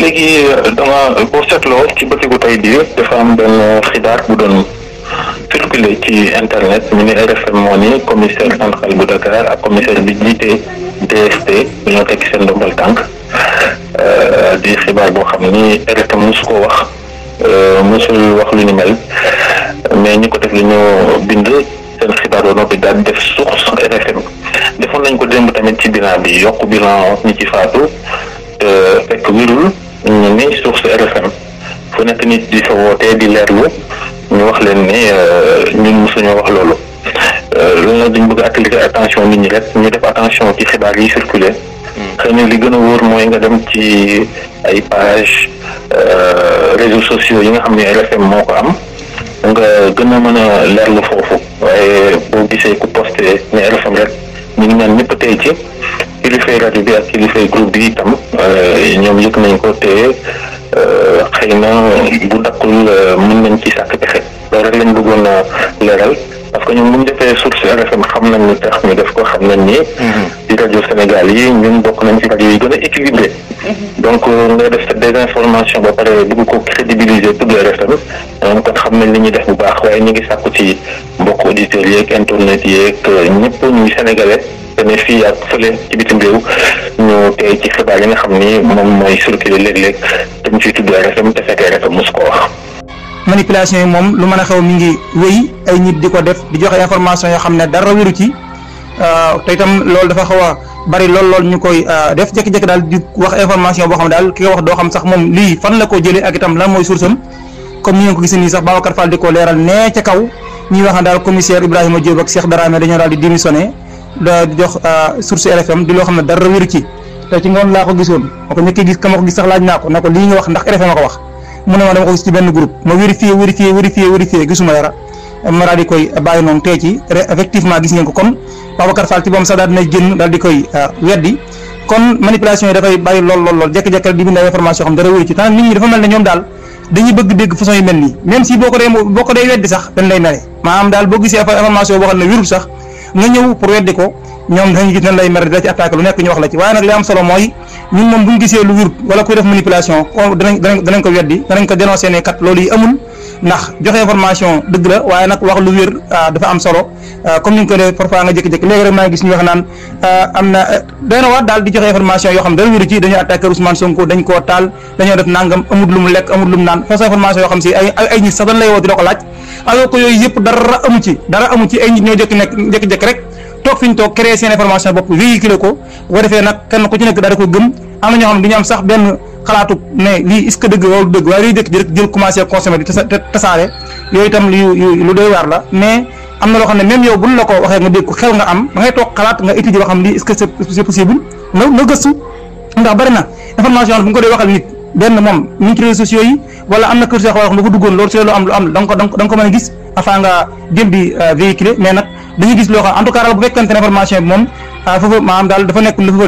léegi dama boo seetloo ci bu tey bii dafa am benn xibaar bu doon circulé ci internet mu ni RFM moo ni commissaire central bu Dakar ak commissaire bi jiite DST bu ñoo tekki seen ndombal tànk euh, di xibaar boo xam ni RFM mosu koo wax euh, mosul wax lu ni mel mais ñi ko def li ñoo bind seen xibaar ba noppi daal def source RFM defoon nañ ko démb tamit ci bilan bi yokk bilan ñu ci faatu te fekk wérul mel ni source RFM fu nekk nit di fa wootee di leerlu ñu wax leen ni euh, ñu mosuñu wax loolu euh, loolu nag duñ bëgg attirer attention nit ñi rek ñu def attention ci xibaar yi circulé hmm. xëy li gën a wóor mooy nga dem ci ay page euh, réseaux sociaux yi nga xam ne RFM moo ko am nga gën a mën a leerlu foofu waaye boo gisee ku posté ne RFM rek ñu ngi naan ñëpp ci bi ak kilifay groupe bi itam euh, ñoom yëg nañ ko te euh, xëy na bu dakkul euh, mën nañ ci sàkk pexe loolu rek lañ bëggoon a leeral parce que ñoom bu defee source RFM xam nañ ni tax ñu def ko xam nañ ni. Mhm. ci rajo Sénégal yi ñun bokk nañ ci rajo yi gën a équilibré. Mhm. donc nga def sa désinformation ba pare bëgg ko crédibiliser tudd RFM kon xam nañ li ñuy def bu baax waaye ñu ngi sàkku ci mbokk auditeurs yeeg internet yeeg ñëpp ñuy sénégale demee fii ak fële ci bitim réew ñu tey ci xibaar yi nga xam ni moom mooy circulé léeg-léeg te ñu ciy tudd RFM te fekk RFM ko wax. manipulation yi moom lu mën a xew mi ngi wéy ay nit di ko def di joxe information yoo xam ne dara wéru ci euh, te itam loolu dafa xaw a bari lool lool ñu koy euh, def jékki-jékki daal di wax information boo xam ne daal ki nga wax doo xam sax moom lii fan la ko jëlee ak itam lan mooy source am comme ni ngeen ko gisee nii sax Babacar Fall di di da jox euh, source RFM di loo xam ne dara wéru ci te ci ngoon laa ko gisoon ma ko ñëkkee gis ka ma gis sax laaj naa ko na ko lii nga wax ndax RFM a ko wax mu ne ko gis ci benn groupe ma vérifié vérifié vérifié vérifié gisuma euh, ngeen ko kon Babacar Fall ci boom sax daal dina génn daal di koy euh, weddi kon manipulation dafay bàyyi lool lool lool jékki di bind ay information dara wéru ci tant nit ñi dafa mel ne ñoom daal dañuy bëgg dégg façon yu mel nii même si boo ko dee boo ko dee weddi sax dañ lay mere maanaam daal boo gisee information boo nga ñëw pour weddi ko ñoom dañu gis nañ lay mer da ci attaqué lu nekk ñu wax la ci waaye nag li am solo mooy ñun moom bu ñu gisee lu wut wala kuy def manipulation danañ danañ ko weddi danañ ko dénoncé ne kat loolu yi amul ndax joxe information dëgg la waaye nag wax lu wér ah, dafa am solo ah, comme ni ñu ko dee parfois ah, na doy na di joxe information yoo xam dara wéru ci dañoo attaqué lekk amul mu naan fausse information yoo xam si ay ay nit sax dañ lay woo di la ko laaj alors que yooyu yëpp dara amu ci dara amu ci ay nit ñoo jékki nekk jékki-jékki rek toog fi ñu toog créer seen information bopp véhiculé ko bu ko defee nag kenn ku ci nekk daal di ko gëm am na ñoo xam du ñu sax benn xalaatu ne lii est-ce que dëgg loolu dëgg waaye luy dëkk jël jël commencé consommer di tasaare yooyu itam lu lu waar la mais am na loo xam ne même yow buñ la waxee nga dégg ko nga am da toog xalaat nga étudier ba lii est-ce que c'est possible nga nga gëstu ndax bari information bu nga dee waxal nit benn moom mi ngi ci réseaux sociaux yi wala am na kër yoo xam ne duggoon loolu ci la am lu am la ko mën a gis afin nga dañuy gis loo xam en tout cas daal bu fekkante information ah,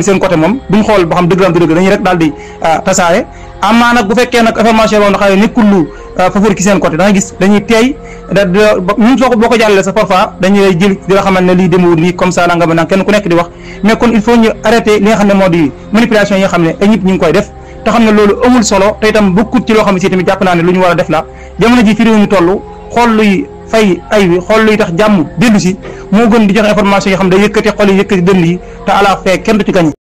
seen côté moom duñ xool ba xam dëgg la dañuy rek daal di ah, tasaare amaa nag bu fekkee nag information ah, boo ko jàllale sa parfois dañuy lay jël di la kenn ku nekk di wax mais kon il faut ñu arrêter li nga xam ne moo di manipulation yi xam ne ay ñëpp ñu koy def te xam ne loolu amul solo te itam bokkut ci loo xam ne si tamit jàpp naa ne lu ñu war a def la jamono ji fi réew xool luy fay ay wi xool luy tax jàmm dellu si moo gën di joxe information yoo xam day yëkkati xol yi yëkkati dënn yi te ala fee kenn du ci gañ